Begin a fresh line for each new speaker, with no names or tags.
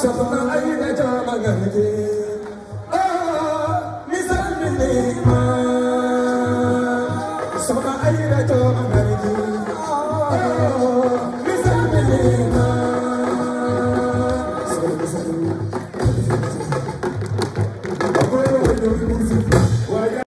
soxna ay na jaama nga